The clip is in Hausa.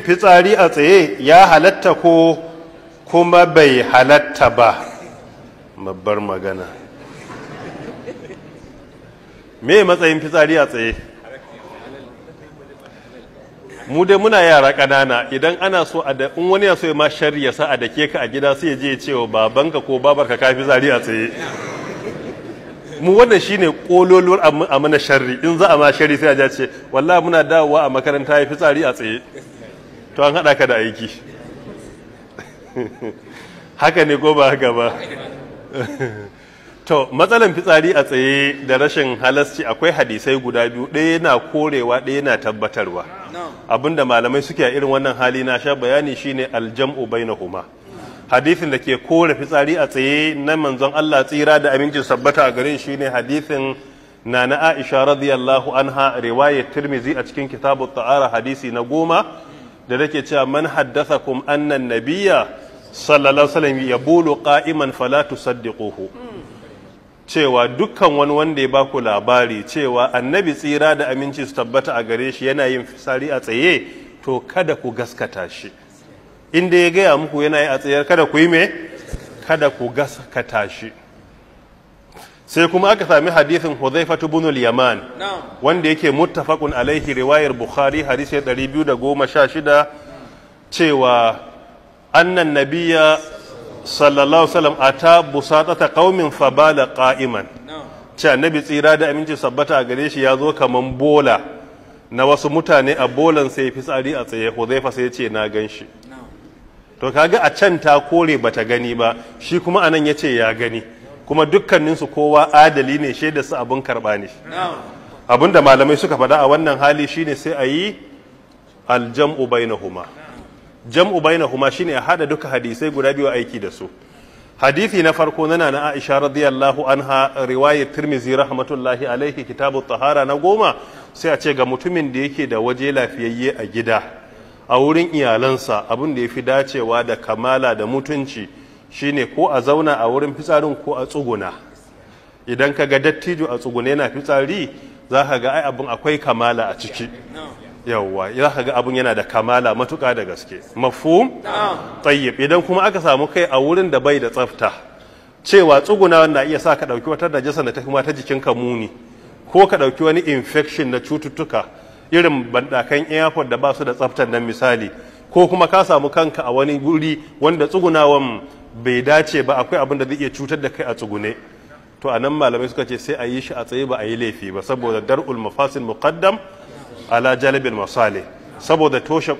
fitsari a tsaye ya halatta ko kuma bai halatta ba babbar magana me matsayin fitsari a tsaye mu dai muna yara ƙanana idan ana so a da in wani ya so ya ma shari ya sa a da ke ka a gida sai ya je cewa babanka ko babarka ka fi zari a tsaye mu wannan shine kololuwar amana sharri in za a ma shari sai a ce wallahi muna dawowa a makaranta ya fi tsari a tsaye to an haɗa ka da aiki haka ne ko ba haka ba to matsalan fitsari a tsaye da rashin halasci akwai hadisai guda biyu ɗaya na korewa ɗaya na tabbatarwa abinda malamai suke a irin wannan hali na sha bayani shine aljam'u bainahuma hadisin da ke kore fitsari a tsaye na manzon Allah tsira da amincin sabbata a garin shine hadisin na Aisha radiyallahu anha riwayat Tirmizi a cikin kitabu ta'ara hadisi na goma da take cewa man haddasa kum annan nabiyya sallallahu alaihi wasallam bulu qa'iman fala tusaddiquhu cewa dukkan wani wanda ya baku labari cewa annabi tsira da aminci su tabbata a gare shi yana yin fisari a tsaye to kada ku gaskata shi inda ya gaya muku yana yi a tsaye kada ku yi me kada ku gaskata shi sai kuma aka sami hadisin huzaifatu bin yaman wanda yake muttafaqun alaihi riwayar bukhari hadisi 216 cewa annan nabiyya sallallahu a ata busatata qaumin fabala qa'iman ce nabi tsira da aminci sabbata a gare shi ya zo kaman bola na wasu mutane a bolan sai fitsari a tsaye huzaifa sai ce na gan shi to kaga a can ta kore bata gani ba shi kuma anan ya ce ya gani kuma dukkaninsu kowa adali ne shaida su abin karɓa ne abin da malamai suka faɗa a wannan hali shine sai a yi aljam'u bainahuma jam'u bainahuma shine a haɗa duka hadisai guda biyu aiki da su hadisi na farko nana na Aisha radiyallahu anha riwayar Tirmizi rahmatullahi alaihi kitabu tahara na goma sai a ce ga mutumin da yake da waje lafiyayye a gida a wurin iyalansa abin da ya fi dacewa da kamala da mutunci shine ko a zauna a wurin fitsarin ko a tsuguna idan ka ga dattijo a tsuguna yana fitsari za ka ga ai abin akwai kamala a ciki yawwa za ka ga abin yana da kamala matuƙa da gaske mafhum tayyib idan kuma aka samu kai a wurin da bai da tsafta cewa tsuguna na iya sa ka ɗauki wata najasa da ta kuma ta jikinka muni ko ka ɗauki wani infection na cututtuka irin bandakan airport da ba su da tsaftar nan misali ko kuma ka samu kanka a wani guri wanda tsugunawan bai dace ba akwai abin da zai iya cutar da kai a tsugune to a nan malamai suka ce sai a yi shi a tsaye ba a yi laifi ba saboda dar'ul mafasin muqaddam ala jalibin masale saboda toshe